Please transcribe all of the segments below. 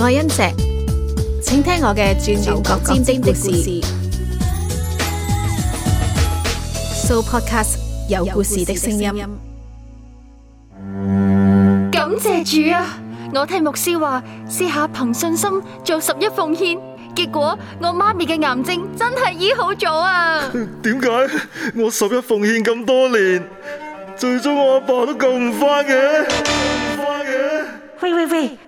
愛恩石，請聽我嘅轉轉角尖尖的故事。So podcast 有故事的聲音。感謝主啊！我聽牧師話，試下憑信心做十一奉獻，結果我媽咪嘅癌症真係醫好咗啊！點解？我十一奉獻咁多年，最終我阿爸都救唔翻嘅，救唔翻嘅。喂喂喂！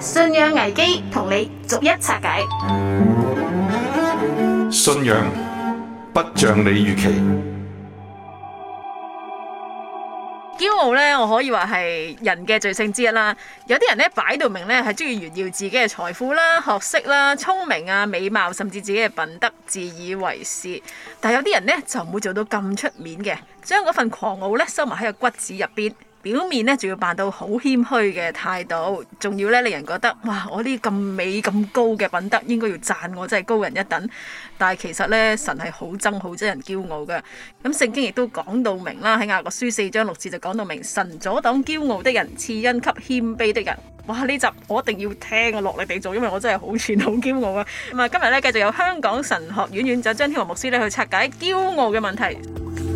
信仰危機同你逐一拆解。信仰不像你預期。驕傲咧，我可以話係人嘅罪性之一啦。有啲人咧擺到明咧係中意炫耀自己嘅財富啦、學識啦、聰明啊、美貌，甚至自己嘅品德，自以為是。但係有啲人咧就唔會做到咁出面嘅，將嗰份狂傲咧收埋喺個骨子入邊。表面呢，仲要扮到好謙虛嘅態度，仲要呢，令人覺得哇！我呢啲咁美咁高嘅品德，應該要讚我真係高人一等。但係其實呢，神係好憎好憎人驕傲嘅。咁聖、嗯、經亦都講到明啦，喺雅各書四章六節就講到明，神阻擋驕傲的人，賜恩給謙卑的人。哇！呢集我一定要聽，我落力地做，因為我真係好串好驕傲啊。咁、嗯、啊，今日呢，繼續有香港神學院院長張天和牧師呢去拆解驕傲嘅問題。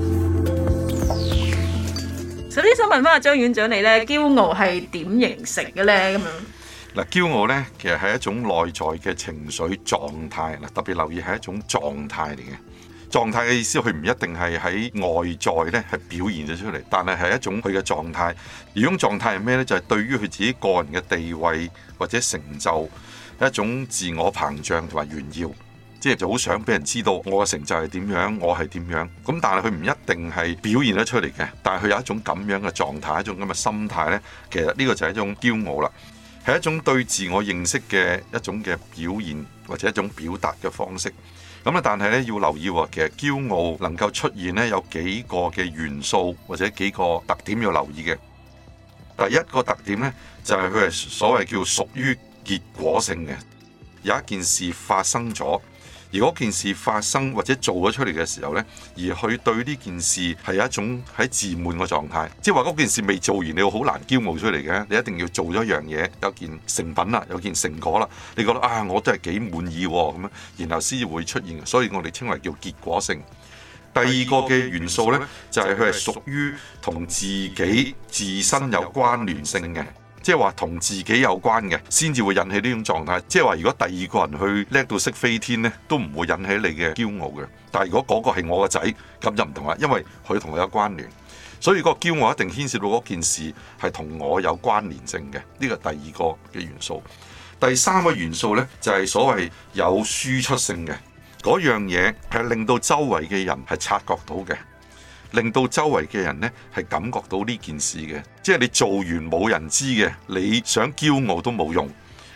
首先想問翻阿張院長你，你咧驕傲係點形成嘅咧？咁樣嗱，驕傲咧其實係一種內在嘅情緒狀態啦，特別留意係一種狀態嚟嘅。狀態嘅意思，佢唔一定係喺外在咧係表現咗出嚟，但係係一種佢嘅狀態。而種狀態係咩咧？就係、是、對於佢自己個人嘅地位或者成就，一種自我膨脹同埋炫耀。即係就好想俾人知道我嘅成就係點樣，我係點樣。咁但係佢唔一定係表現得出嚟嘅。但係佢有一種咁樣嘅狀態，一種咁嘅心態呢，其實呢個就係一種驕傲啦，係一種對自我認識嘅一種嘅表現或者一種表達嘅方式。咁咧，但係呢要留意喎，其實驕傲能夠出現呢有幾個嘅元素或者幾個特點要留意嘅。第一個特點呢，就係佢係所謂叫屬於結果性嘅，有一件事發生咗。而嗰件事發生或者做咗出嚟嘅時候呢，而佢對呢件事係一種喺自滿嘅狀態，即係話嗰件事未做完，你好難驕傲出嚟嘅，你一定要做咗一樣嘢，有件成品啦，有件成果啦，你覺得啊、哎，我都係幾滿意咁樣，然後先至會出現，所以我哋稱為叫結果性。第二個嘅元素呢，就係佢係屬於同自己自身有關聯性嘅。即係話同自己有關嘅，先至會引起呢種狀態。即係話，如果第二個人去叻到識飛天呢，都唔會引起你嘅驕傲嘅。但係如果嗰個係我個仔，咁就唔同啦，因為佢同我有關聯，所以個驕傲一定牽涉到嗰件事係同我有關聯性嘅。呢個第二個嘅元素。第三個元素呢，就係所謂有輸出性嘅嗰樣嘢係令到周圍嘅人係察覺到嘅。令到周圍嘅人呢係感覺到呢件事嘅，即係你做完冇人知嘅，你想驕傲都冇用。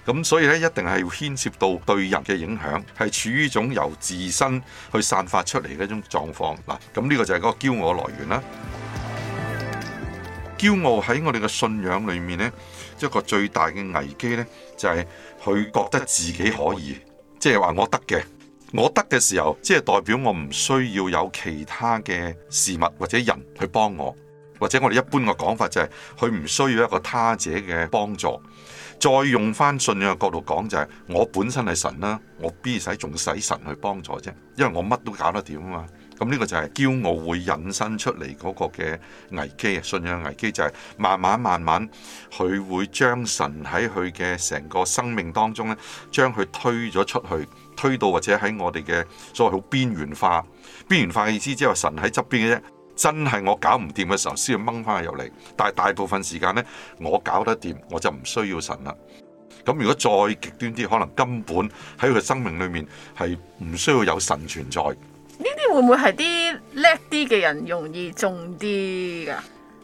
咁所以呢，一定係牽涉到對人嘅影響，係處於種由自身去散發出嚟嘅一種狀況。嗱，咁呢個就係嗰個驕傲嘅來源啦。驕 傲喺我哋嘅信仰裏面呢，一個最大嘅危機呢，就係、是、佢覺得自己可以，即係話我得嘅。我得嘅時候，即係代表我唔需要有其他嘅事物或者人去幫我，或者我哋一般嘅講法就係佢唔需要一個他者嘅幫助。再用翻信仰嘅角度講就係、是，我本身係神啦，我邊使仲使神去幫助啫，因為我乜都搞得掂啊嘛。咁呢個就係驕傲會引申出嚟嗰個嘅危機啊！信仰危機就係慢慢慢慢，佢會將神喺佢嘅成個生命當中呢，將佢推咗出去，推到或者喺我哋嘅所謂好邊緣化。邊緣化嘅意思即係神喺側邊嘅啫，真係我搞唔掂嘅時候先要掹翻佢入嚟。但係大部分時間呢，我搞得掂，我就唔需要神啦。咁如果再極端啲，可能根本喺佢生命裏面係唔需要有神存在。會唔會係啲叻啲嘅人容易中啲㗎？誒、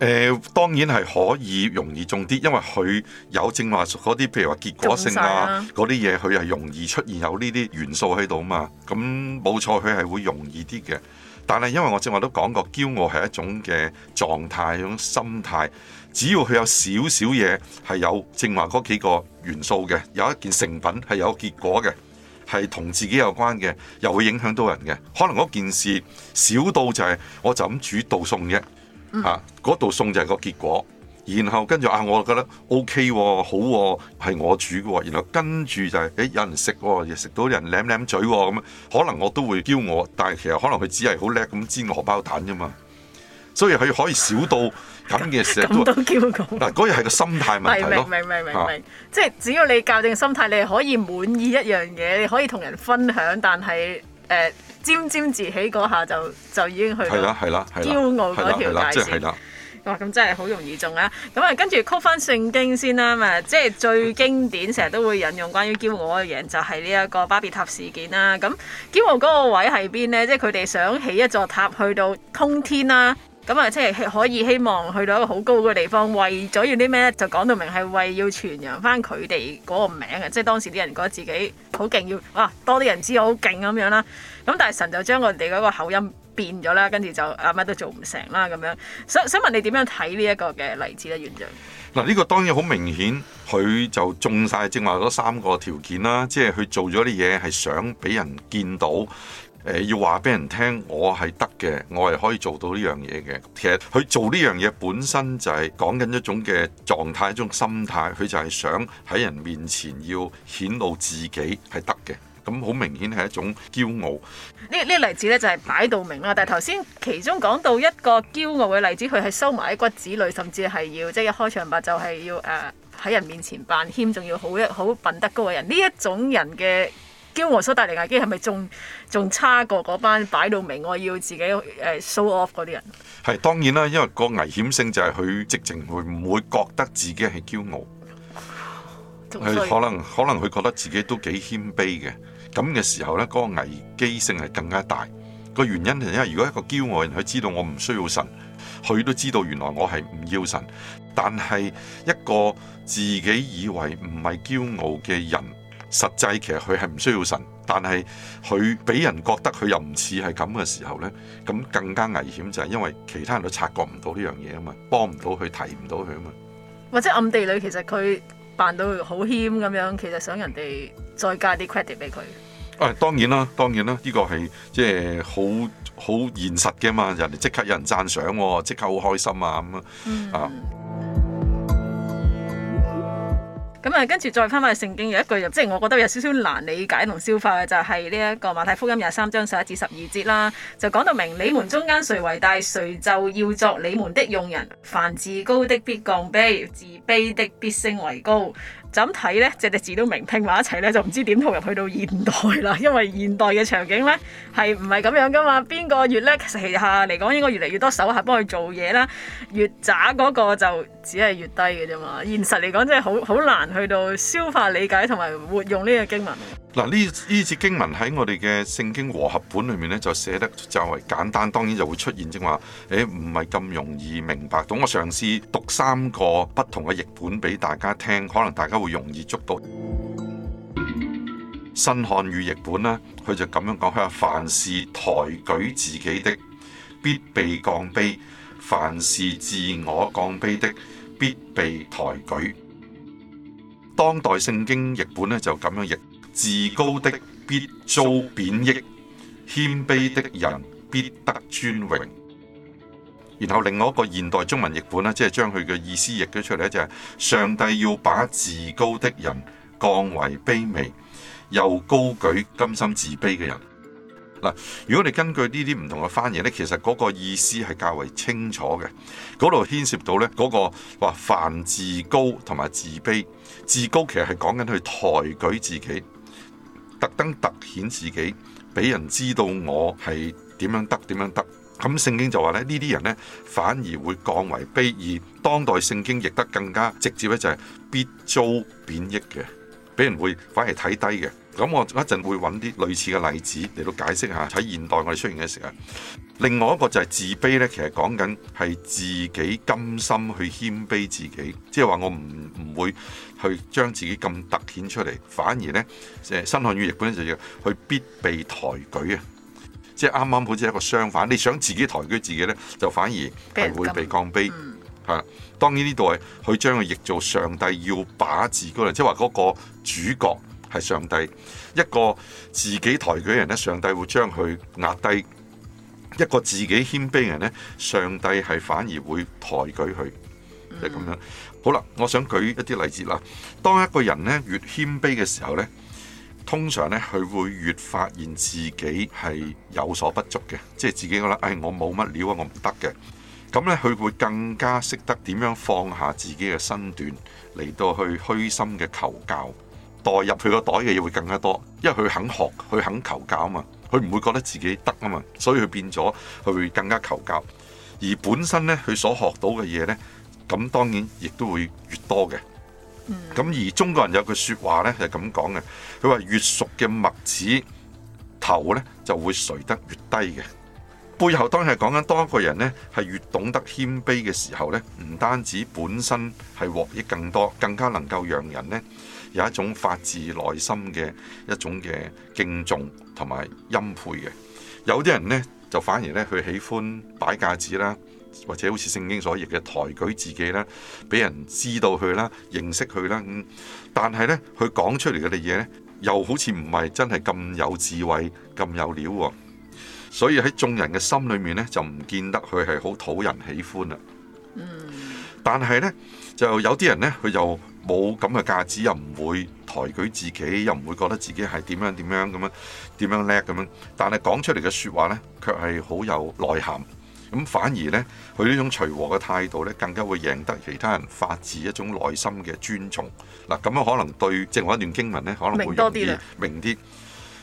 呃，當然係可以容易中啲，因為佢有正話嗰啲，譬如話結果性啊，嗰啲嘢佢係容易出現有呢啲元素喺度嘛。咁冇錯，佢係會容易啲嘅。但係因為我正話都講過，驕傲係一種嘅狀態，一種心態。只要佢有少少嘢係有正話嗰幾個元素嘅，有一件成品係有結果嘅。係同自己有關嘅，又會影響到人嘅。可能嗰件事少到就係，我就咁煮道餸嘅，嚇嗰、嗯啊、道餸就係個結果。然後跟住啊，我覺得 O、OK、K，、啊、好係、啊、我煮嘅、啊。然後跟住就係、是，誒有人食喎、啊，又食到人舐舐嘴咁、啊、樣。可能我都會驕傲，但係其實可能佢只係好叻咁煎荷包蛋啫嘛。所以佢可以少到咁嘅時候，嗱嗰日係個心態問題 明明明明明，啊、即係只要你校正心態，你可以滿意一樣嘢，你可以同人分享，但係誒沾沾自喜嗰下就就已經去到係啦係啦係啦，驕傲嗰條界線。哇！咁真係好容易中啊！咁、嗯、啊，跟住曲翻聖經先啦嘛，即係最經典成日、嗯、都會引用關於驕傲嘅嘢，就係呢一個巴比塔事件啦。咁驕傲嗰個位喺邊呢？即係佢哋想起一座塔去到通天啦、啊。咁啊，即係可以希望去到一個好高嘅地方，為咗要啲咩？就講到明係為要傳揚翻佢哋嗰個名嘅。即係當時啲人覺得自己好勁，要哇，多啲人知我好勁咁樣啦。咁但係神就將佢哋嗰個口音變咗啦，跟住就啊乜都做唔成啦咁樣。想想問你點樣睇呢一個嘅例子咧，院長？嗱，呢個當然好明顯，佢就中晒正話嗰三個條件啦，即係佢做咗啲嘢係想俾人見到。誒要話俾人聽，我係得嘅，我係可以做到呢樣嘢嘅。其實佢做呢樣嘢本身就係講緊一種嘅狀態，一種心態。佢就係想喺人面前要顯露自己係得嘅。咁好明顯係一種驕傲。呢呢例子呢，就係擺到明啦。但係頭先其中講到一個驕傲嘅例子，佢係收埋喺骨子裡，甚至係要即係、就係、一開場白就係要誒喺人面前扮謙，仲要好一好品德高嘅人。呢一種人嘅。驕傲所帶嚟嘅危機係咪仲仲差過嗰班擺到明我要自己誒 show off 嗰啲人？係當然啦，因為個危險性就係佢直情會唔會覺得自己係驕傲？係可能可能佢覺得自己都幾謙卑嘅。咁嘅時候呢，嗰、那個危機性係更加大。個原因係因為如果一個驕傲人，佢知道我唔需要神，佢都知道原來我係唔要神。但係一個自己以為唔係驕傲嘅人。實際其實佢係唔需要神，但係佢俾人覺得佢又唔似係咁嘅時候咧，咁更加危險就係因為其他人都察覺唔到呢樣嘢啊嘛，幫唔到佢提唔到佢啊嘛，或者暗地裏其實佢扮到好謙咁樣，其實想人哋再加啲 credit 俾佢。誒當然啦，當然啦，呢、呢個係即係好好現實嘅嘛，人哋即刻有人讚賞，即刻好開心啊咁、嗯、啊。咁啊，跟住再翻翻《聖經》有一句，即係我覺得有少少難理解同消化嘅，就係呢一個《馬太福音》廿三章十一至十二節啦，就講到明你們中間誰為大，誰就要作你們的用人；凡自高的必降卑，自卑的必升為高。咁睇呢？隻隻字都明聽埋一齊呢，就唔知點套入去到現代啦，因為現代嘅場景呢，係唔係咁樣噶嘛？邊個越叻旗下嚟講，應該越嚟越多手下幫佢做嘢啦；越渣嗰個就～只係越低嘅啫嘛，現實嚟講真係好好難去到消化理解同埋活用呢個經文。嗱呢呢節經文喺我哋嘅聖經和合本裏面呢，就寫得較為簡單，當然就會出現即係話，誒唔係咁容易明白到。我嘗試讀三個不同嘅譯本俾大家聽，可能大家會容易捉到新漢語譯本呢，佢就咁樣講，佢話：凡事抬舉自己的，必被降卑。凡是自我降卑的，必被抬舉。當代聖經譯本咧就咁樣譯，自高的必遭貶抑，謙卑的人必得尊榮。然後另外一個現代中文譯本呢，即係將佢嘅意思譯咗出嚟，就係上帝要把自高的人降為卑微，又高舉甘心自卑嘅人。嗱，如果你根據呢啲唔同嘅翻譯呢，其實嗰個意思係較為清楚嘅。嗰度牽涉到呢、那、嗰個話，凡自高同埋自卑，自高其實係講緊去抬舉自己，特登突顯自己，俾人知道我係點樣得，點樣得。咁聖經就話呢，呢啲人呢，反而會降為卑，而當代聖經譯得更加直接呢，就係必遭貶抑嘅，俾人會反而睇低嘅。咁我一陣會揾啲類似嘅例子嚟到解釋一下喺現代我哋出現嘅時候，另外一個就係自卑咧。其實講緊係自己甘心去謙卑自己，即係話我唔唔會去將自己咁突顯出嚟，反而咧，誒新漢語譯本就要去必被抬舉啊！即係啱啱好似一個相反，你想自己抬舉自己咧，就反而係會被降卑。嗯，係啦。當然呢度係去將佢譯做上帝要把自己，即係話嗰個主角。係上帝，一個自己抬舉嘅人咧，上帝會將佢壓低；一個自己謙卑嘅人咧，上帝係反而會抬舉佢，就咁樣。好啦，我想舉一啲例子啦。當一個人咧越謙卑嘅時候咧，通常咧佢會越發現自己係有所不足嘅，即係自己覺得誒我冇乜料啊，我唔得嘅。咁咧佢會更加識得點樣放下自己嘅身段嚟到去虛心嘅求教。代入佢個袋嘅嘢會更加多，因為佢肯學，佢肯求教啊嘛。佢唔會覺得自己得啊嘛，所以佢變咗佢會更加求教。而本身呢，佢所學到嘅嘢呢，咁當然亦都會越多嘅，嗯。咁而中國人有句説話呢，係咁講嘅，佢話越熟嘅麥子頭呢，就會垂得越低嘅。背後當然係講緊多一個人呢，係越懂得謙卑嘅時候呢，唔單止本身係獲益更多，更加能夠讓人呢。有一種發自內心嘅一種嘅敬重同埋欽佩嘅，有啲人呢，就反而呢，佢喜歡擺架子啦，或者好似聖經所言嘅抬舉自己啦，俾人知道佢啦，認識佢啦。但係呢，佢講出嚟嘅嘢呢，又好似唔係真係咁有智慧、咁有料喎。所以喺眾人嘅心裏面呢，就唔見得佢係好討人喜歡啦。但係呢，就有啲人呢，佢就。冇咁嘅價值，又唔會抬舉自己，又唔會覺得自己係點樣點樣咁樣點樣叻咁樣。但係講出嚟嘅説話呢，卻係好有內涵。咁反而呢，佢呢種隨和嘅態度呢，更加會贏得其他人發自一種內心嘅尊重。嗱，咁樣可能對即係話一段經文呢，可能會容易明多啲明啲。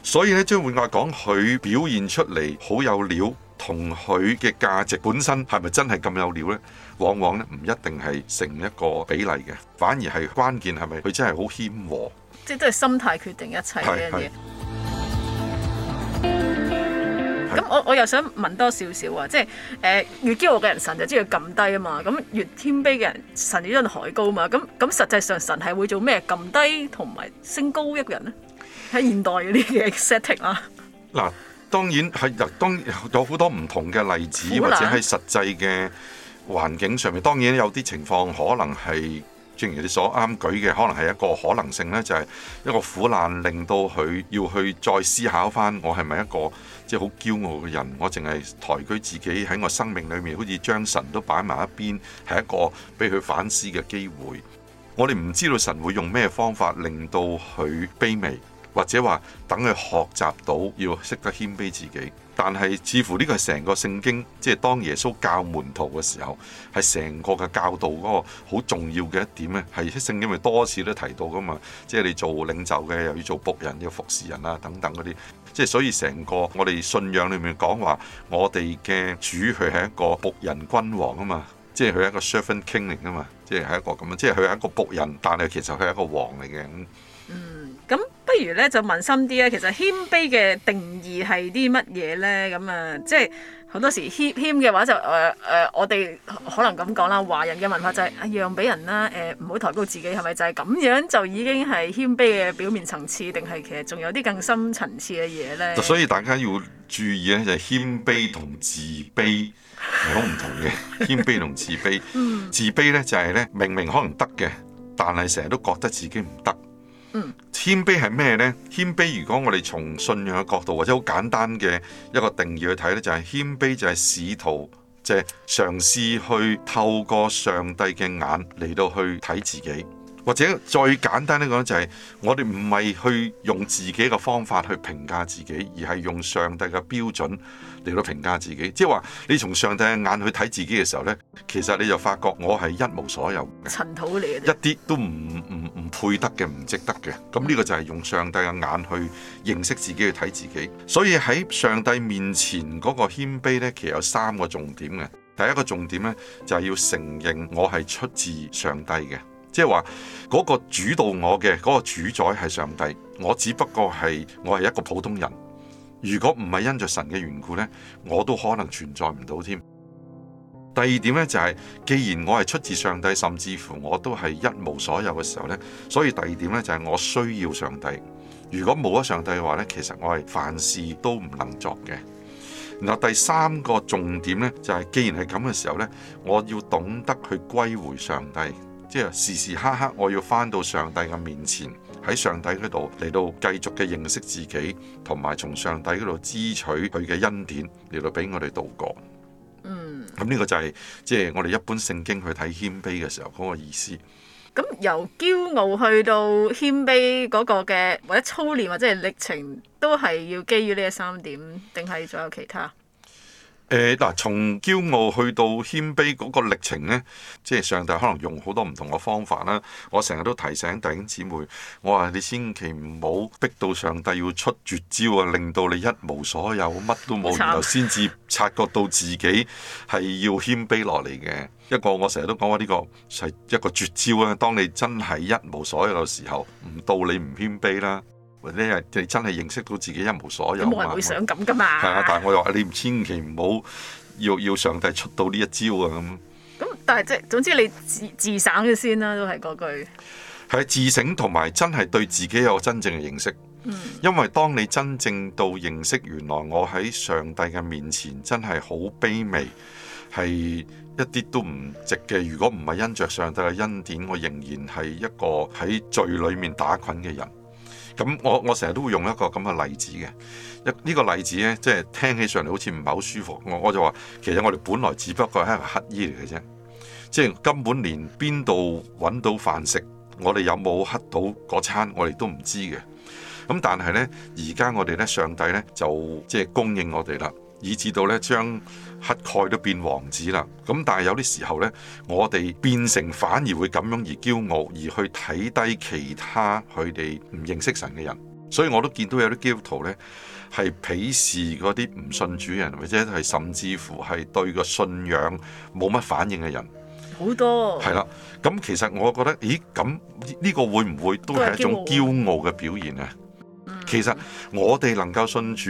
所以呢，將換句講，佢表現出嚟好有料。同佢嘅價值本身係咪真係咁有料咧？往往咧，唔一定係成一個比例嘅，反而係關鍵係咪佢真係好謙和，即係都係心態決定一切嘅嘢。咁我我又想問多少少啊，即係誒、呃、越驕傲嘅人神就知佢撳低啊嘛，咁越謙卑嘅人神要將佢抬高啊嘛，咁咁實際上神係會做咩撳低同埋升高一個人咧？喺現代嗰啲嘅 setting 啊，嗱。當然係，嗱，當然有好多唔同嘅例子，難或者喺實際嘅環境上面，當然有啲情況可能係正如你所啱舉嘅，可能係一個可能性呢，就係一個苦難令到佢要去再思考翻，我係咪一個即係好驕傲嘅人？我淨係抬舉自己喺我生命裏面，好似將神都擺埋一邊，係一個俾佢反思嘅機會。我哋唔知道神會用咩方法令到佢卑微。或者話等佢學習到要識得謙卑自己，但係似乎呢個係成個聖經，即係當耶穌教門徒嘅時候，係成個嘅教導嗰個好重要嘅一點啊，係聖經咪多次都提到噶嘛，即係你做領袖嘅，又要做僕人，要服侍人啊等等嗰啲，即係所以成個我哋信仰裡面講話，我哋嘅主佢係一個僕人君王啊嘛，即係佢係一個 servant king 啊嘛，即係係一個咁樣，即係佢係一個僕人，但係其實佢係一個王嚟嘅。咁不如咧就問深啲咧，其實謙卑嘅定義係啲乜嘢咧？咁、嗯、啊，即係好多時謙謙嘅話就誒誒、呃呃，我哋可能咁講啦，華人嘅文化就係、啊、讓俾人啦，誒唔好抬高自己，係咪就係咁樣就已經係謙卑嘅表面層次？定係其實仲有啲更深層次嘅嘢咧？所以大家要注意咧，就係、是、謙卑同自卑係好唔同嘅。 謙卑同自卑，自卑咧就係咧，明明可能得嘅，但係成日都覺得自己唔得。謙、嗯、卑係咩呢？謙卑如果我哋從信仰嘅角度，或者好簡單嘅一個定義去睇呢就係、是、謙卑就係試圖即嘗試去透過上帝嘅眼嚟到去睇自己。或者最簡單呢，講就係我哋唔係去用自己嘅方法去評價自己，而係用上帝嘅標準嚟到評價自己。即係話你從上帝嘅眼去睇自己嘅時候呢，其實你就發覺我係一無所有嘅，一啲都唔唔配得嘅，唔值得嘅。咁呢個就係用上帝嘅眼去認識自己去睇自己。所以喺上帝面前嗰個謙卑呢，其實有三個重點嘅。第一個重點呢，就係要承認我係出自上帝嘅。即係話嗰個主導我嘅嗰個主宰係上帝，我只不過係我係一個普通人。如果唔係因着神嘅緣故咧，我都可能存在唔到添。第二點咧就係，既然我係出自上帝，甚至乎我都係一無所有嘅時候咧，所以第二點咧就係我需要上帝。如果冇咗上帝嘅話咧，其實我係凡事都唔能作嘅。然後第三個重點咧就係，既然係咁嘅時候咧，我要懂得去歸回上帝。即係時時刻刻我要返到上帝嘅面前，喺上帝嗰度嚟到繼續嘅認識自己，同埋從上帝嗰度支取佢嘅恩典嚟到俾我哋度過。嗯，咁呢個就係即係我哋一般聖經去睇謙卑嘅時候嗰個意思。咁由驕傲去到謙卑嗰個嘅或者操練或者係歷程，都係要基於呢三點，定係仲有其他？誒嗱、呃，從驕傲去到謙卑嗰個歷程呢，即係上帝可能用好多唔同嘅方法啦。我成日都提醒弟兄姊妹，我話你千祈唔好逼到上帝要出絕招啊，令到你一無所有，乜都冇，然後先至察覺到自己係要謙卑落嚟嘅。一個我成日都講話呢個係一個絕招啊！當你真係一無所有嘅時候，唔到你唔謙卑啦。或者係真係認識到自己一無所有，冇人會想咁噶嘛。係啊，但係我又話你千祈唔好要要上帝出到呢一招啊咁。咁但係即係總之你自，自，自省咗先啦、啊，都係嗰句。係自省同埋真係對自己有真正嘅認識。嗯、因為當你真正到認識原來我喺上帝嘅面前真係好卑微，係一啲都唔值嘅。如果唔係因着上帝嘅恩典，我仍然係一個喺罪裏面打滾嘅人。咁我我成日都會用一個咁嘅例子嘅，一呢個例子呢，即係聽起上嚟好似唔係好舒服。我我就話，其實我哋本來只不過係乞衣嚟嘅啫，即係根本連邊度揾到飯食，我哋有冇乞到嗰餐，我哋都唔知嘅。咁但係呢，而家我哋呢，上帝呢，就即係供應我哋啦，以至到呢將。乞丐都變王子啦，咁但係有啲時候呢，我哋變成反而會咁樣而驕傲，而去睇低其他佢哋唔認識神嘅人。所以我都見到有啲基督徒呢係鄙視嗰啲唔信主人，或者係甚至乎係對個信仰冇乜反應嘅人。好多係啦，咁其實我覺得，咦，咁呢個會唔會都係一種驕傲嘅表現呢？嗯、其實我哋能夠信主。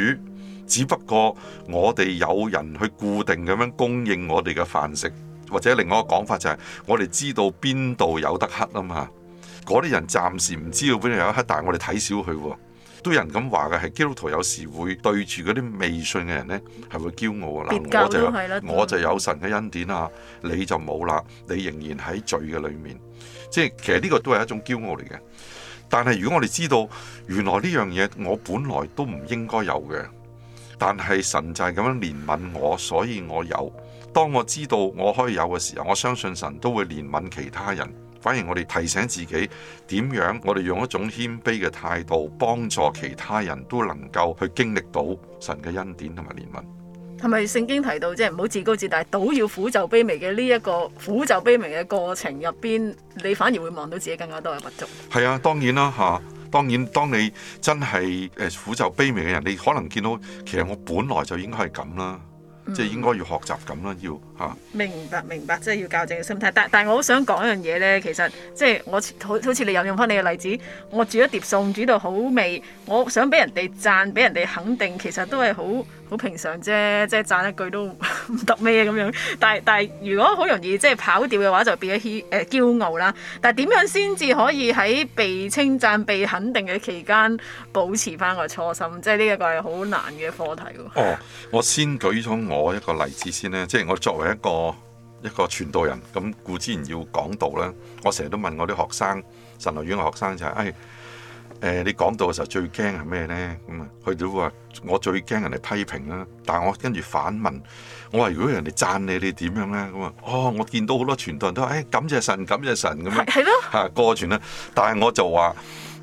只不過我哋有人去固定咁樣供應我哋嘅飯食，或者另外一個講法就係我哋知道邊度有得乞啦嘛。嗰啲人暫時唔知道邊度有乞，但係我哋睇少佢都有人咁話嘅係基督徒。有時會對住嗰啲未信嘅人呢係會驕傲㗎。嗱，我就有神嘅恩典啊，你就冇啦，你仍然喺罪嘅裡面，即係其實呢個都係一種驕傲嚟嘅。但係如果我哋知道原來呢樣嘢我本來都唔應該有嘅。但係神就係咁樣憐憫我，所以我有。當我知道我可以有嘅時候，我相信神都會憐憫其他人。反而我哋提醒自己點樣，我哋用一種謙卑嘅態度幫助其他人，都能夠去經歷到神嘅恩典同埋憐憫。係咪聖經提到，即係唔好自高自大，倒要苦就卑微嘅呢一個苦就卑微嘅過程入邊，你反而會望到自己更加多嘅不足。係啊，當然啦、啊，吓。當然，當你真係誒苦就卑微嘅人，你可能見到其實我本來就應該係咁啦，嗯、即係應該要學習咁啦，要嚇、啊。明白明白，即、就、係、是、要校正嘅心態。但但係我好想講一樣嘢咧，其實即係、就是、我好好似你又用翻你嘅例子，我煮咗一碟餸煮到好味，我想俾人哋讚，俾人哋肯定，其實都係好。好平常啫，即係讚一句都唔得咩咁樣。但係但係，如果好容易即係跑掉嘅話，就變咗誒驕傲啦。但係點樣先至可以喺被稱讚、被肯定嘅期間保持翻個初心？即係呢一個係好難嘅課題喎。哦，我先舉咗我一個例子先咧，即係我作為一個一個傳道人，咁故之然要講道呢，我成日都問我啲學生，神學院學生就係、是哎誒你講到嘅時候最驚係咩咧？咁啊，佢都話我最驚人哋批評啦。但係我跟住反問，我話如果人哋讚你，你點樣咧？咁啊，哦，我見到好多傳道人都話誒、哎、感謝神，感謝神咁樣。係咯。嚇過傳啦，但係我就話，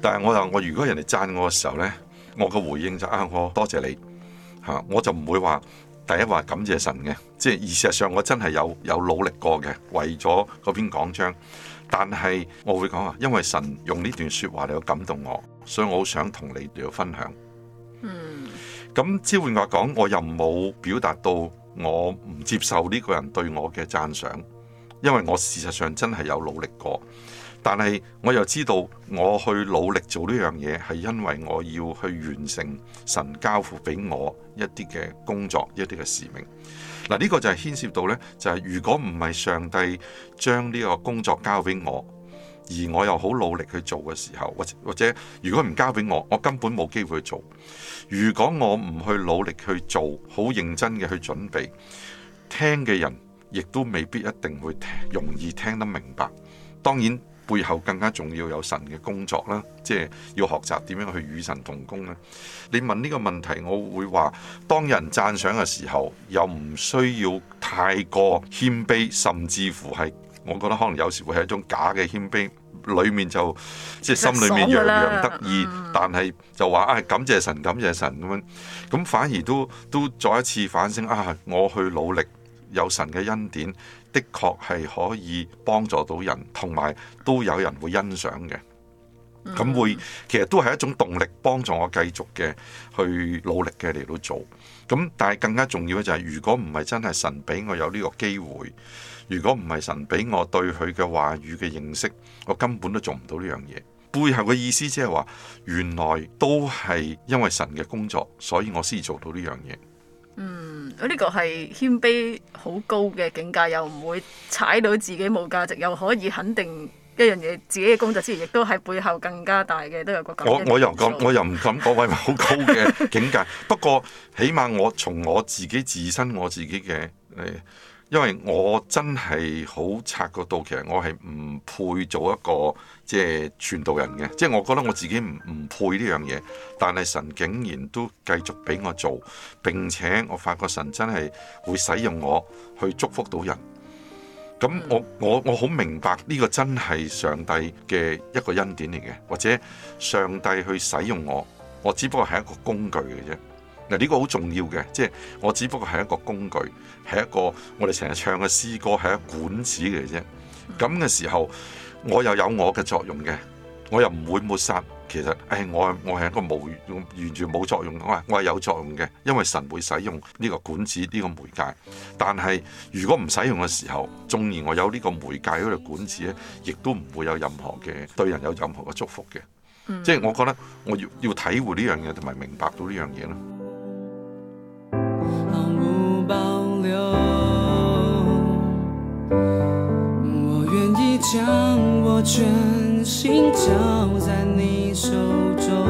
但係我又我如果人哋讚我嘅時候咧，我嘅回應就係、啊我多謝你嚇，我就唔會話第一話感謝神嘅，即係而事實上我真係有有努力過嘅，為咗嗰篇講章。但係我會講啊，因為神用呢段說話嚟到感動我，所以我好想同你哋分享。咁召喚話講，我又冇表達到我唔接受呢個人對我嘅讚賞，因為我事實上真係有努力過。但係我又知道，我去努力做呢樣嘢，係因為我要去完成神交付俾我一啲嘅工作，一啲嘅使命。嗱，呢個就係牽涉到呢，就係如果唔係上帝將呢個工作交俾我，而我又好努力去做嘅時候，或者或者如果唔交俾我，我根本冇機會去做。如果我唔去努力去做，好認真嘅去準備，聽嘅人亦都未必一定會容易聽得明白。當然。背後更加重要有神嘅工作啦，即係要學習點樣去與神同工咧。你問呢個問題，我會話當人讚賞嘅時候，又唔需要太過謙卑，甚至乎係我覺得可能有時會係一種假嘅謙卑，裡面就即係心裡面洋洋得意，但係就話啊、哎、感謝神，感謝神咁樣，咁反而都都再一次反省啊、哎，我去努力，有神嘅恩典。的確係可以幫助到人，同埋都有人會欣賞嘅，咁會其實都係一種動力，幫助我繼續嘅去努力嘅嚟到做。咁但係更加重要嘅就係，如果唔係真係神俾我有呢個機會，如果唔係神俾我對佢嘅話語嘅認識，我根本都做唔到呢樣嘢。背後嘅意思即係話，原來都係因為神嘅工作，所以我先做到呢樣嘢。嗯，呢、這個係謙卑好高嘅境界，又唔會踩到自己冇價值，又可以肯定一樣嘢，自己嘅工作之餘亦都喺背後更加大嘅，都有個。我做我又咁，我又唔敢講，係好高嘅境界。 不過起碼我從我自己自身，我自己嘅誒。因為我真係好察覺到，其實我係唔配做一個即係傳道人嘅，即係我覺得我自己唔唔配呢樣嘢。但係神竟然都繼續俾我做，並且我發覺神真係會使用我去祝福到人。咁我我我好明白呢個真係上帝嘅一個恩典嚟嘅，或者上帝去使用我，我只不過係一個工具嘅啫。嗱呢個好重要嘅，即係我只不過係一個工具，係一個我哋成日唱嘅詩歌，係一個管子嚟啫。咁嘅時候，我又有我嘅作用嘅，我又唔會抹殺。其實，誒、哎、我我係一個冇完全冇作用，我係有作用嘅，因為神會使用呢個管子呢個媒介。但係如果唔使用嘅時候，縱然我有呢個媒介嗰度管子咧，亦都唔會有任何嘅對人有任何嘅祝福嘅。嗯、即係我覺得我要要體會呢樣嘢，同埋明白到呢樣嘢咯。我全心就在你手中。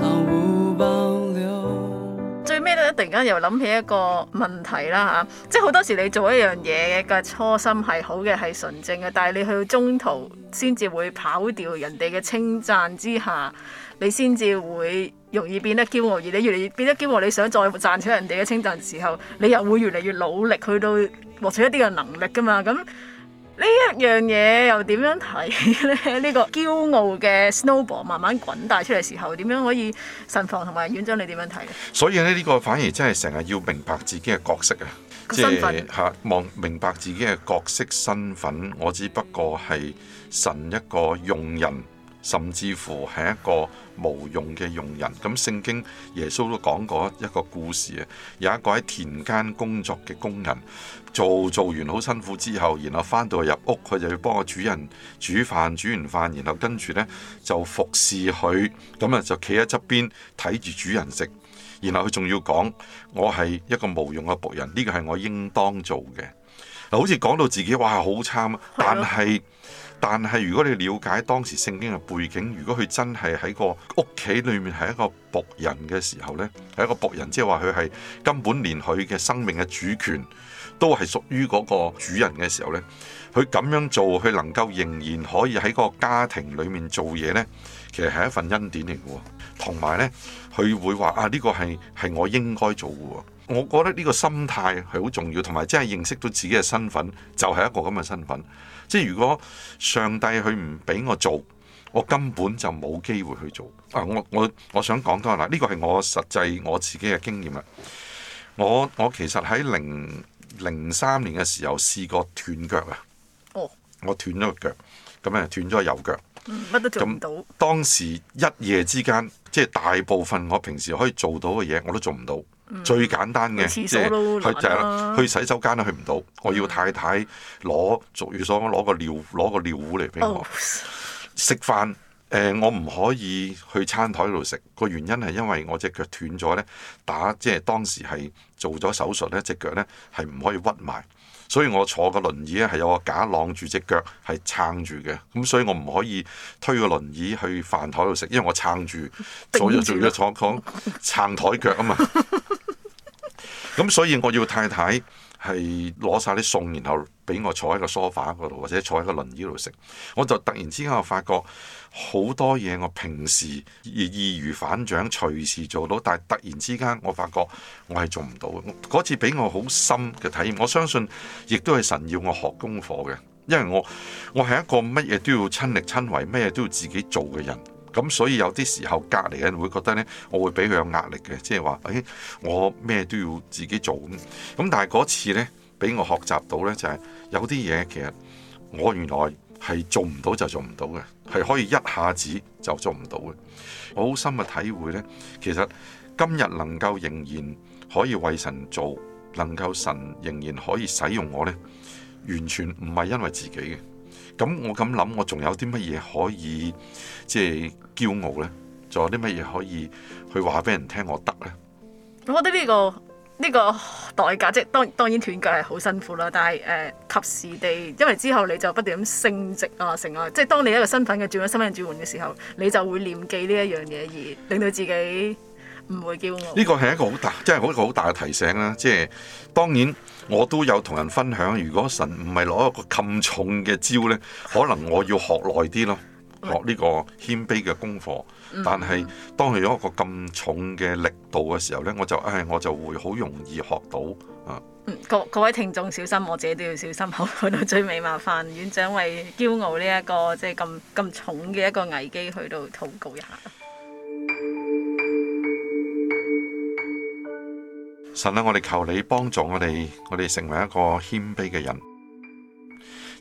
毫無保留。最尾咧，突然間又諗起一個問題啦，吓、啊，即係好多時你做一樣嘢嘅初心係好嘅，係純正嘅，但係你去到中途先至會跑掉人哋嘅稱讚之下，你先至會容易變得驕傲，而你越嚟越變得驕傲，你想再賺取人哋嘅稱讚時候，你又會越嚟越努力去到獲取一啲嘅能力噶嘛，咁、嗯。這一呢一樣嘢又點樣睇咧？呢 個驕傲嘅 Snowball 慢慢滾大出嚟時候，點樣可以神從同埋軟張？你點樣睇咧？所以咧，呢個反而真係成日要明白自己嘅角色啊，身份，即係望明白自己嘅角色身份。我只不過係神一個用人，甚至乎係一個無用嘅用人。咁聖經耶穌都講過一個故事啊，有一個喺田間工作嘅工人。做做完好辛苦之後，然後翻到去入屋，佢就要幫我主人煮飯。煮完飯，然後跟住呢，就服侍佢咁啊，就企喺側邊睇住主人食。然後佢仲要講，我係一個無用嘅僕人，呢個係我應當做嘅。好似講到自己哇，好慘啊！但係的但係，如果你了解當時聖經嘅背景，如果佢真係喺個屋企裏面係一個僕人嘅時候呢，係一個僕人，即係話佢係根本連佢嘅生命嘅主權。都係屬於嗰個主人嘅時候呢，佢咁樣做，佢能夠仍然可以喺個家庭裡面做嘢呢，其實係一份恩典嚟嘅喎。同埋呢，佢會話啊，呢個係係我應該做嘅喎。我覺得呢個心態係好重要，同埋真係認識到自己嘅身份就係一個咁嘅身份。即係如果上帝佢唔俾我做，我根本就冇機會去做。啊，我我我想講多下啦，呢個係我實際我自己嘅經驗啦。我我其實喺零零三年嘅時候試過斷腳啊！哦，我斷咗個腳，咁啊斷咗個右腳，乜、嗯、都做唔到。當時一夜之間，即係、嗯、大部分我平時可以做到嘅嘢，我都做唔到。嗯、最簡單嘅，去、啊、就係去洗手間都去唔到。我要太太攞俗語所講攞個尿攞個尿壺嚟俾我食、哦、飯。誒、呃，我唔可以去餐台度食，個原因係因為我隻腳斷咗呢打即係、就是、當時係做咗手術咧，隻腳呢係唔可以屈埋，所以我坐個輪椅咧係有個架晾住隻腳，係撐住嘅，咁所以我唔可以推個輪椅去飯台度食，因為我撐住，坐咗，坐咗坐坐，坐撐台腳啊嘛。咁所以我要太太係攞晒啲餸，然後。俾我坐喺個 sofa 嗰度，或者坐喺個輪椅度食，我就突然之間我發覺好多嘢我平時易如反掌、隨時做到，但係突然之間我發覺我係做唔到。嗰次俾我好深嘅體驗，我相信亦都係神要我學功課嘅，因為我我係一個乜嘢都要親力親為、乜嘢都要自己做嘅人，咁所以有啲時候隔離人會覺得呢，我會俾佢有壓力嘅，即係話，哎，我咩都要自己做咁，咁但係嗰次呢。俾我學習到呢，就係有啲嘢其實我原來係做唔到就做唔到嘅，係可以一下子就做唔到嘅。我好深嘅體會呢，其實今日能夠仍然可以為神做，能夠神仍然可以使用我呢，完全唔係因為自己嘅。咁我咁諗，我仲有啲乜嘢可以即係驕傲呢，仲有啲乜嘢可以去話俾人聽我得呢？我覺得呢個。呢個代價即係當當然斷腳係好辛苦啦，但係誒、呃，及時地，因為之後你就不斷咁升職啊，成啊，即係當你一個身份嘅轉換，轉身份轉換嘅時候，你就會念記呢一樣嘢而令到自己唔會叫我。呢個係一個好大，即係一個好大嘅提醒啦。即係當然我都有同人分享，如果神唔係攞一個咁重嘅招咧，可能我要學耐啲咯。學呢個謙卑嘅功課，嗯、但係當佢有一個咁重嘅力度嘅時候呢，我就唉，我就會好容易學到、嗯、各位聽眾小心，我自己都要小心，好去到最尾麻煩。院長為驕傲呢、這、一個即係咁咁重嘅一個危機，去到禱告一下。神啊，我哋求你幫助我哋，我哋成為一個謙卑嘅人。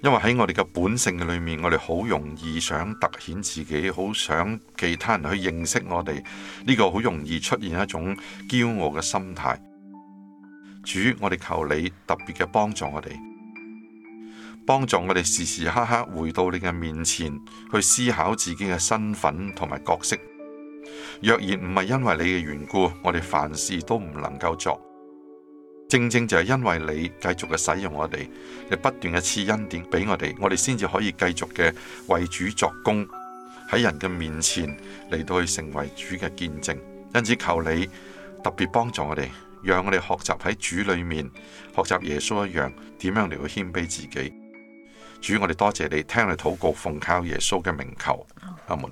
因為喺我哋嘅本性裏面，我哋好容易想突顯自己，好想其他人去認識我哋，呢個好容易出現一種驕傲嘅心態。主，我哋求你特別嘅幫助我哋，幫助我哋時時刻刻回到你嘅面前，去思考自己嘅身份同埋角色。若然唔係因為你嘅緣故，我哋凡事都唔能夠作。正正就係因為你繼續嘅使用我哋，你不斷嘅賜恩典俾我哋，我哋先至可以繼續嘅為主作工，喺人嘅面前嚟到去成為主嘅見證。因此求你特別幫助我哋，讓我哋學習喺主裏面學習耶穌一樣，點樣嚟去謙卑自己。主，我哋多謝你聽我哋禱告，奉靠耶穌嘅名求，阿門。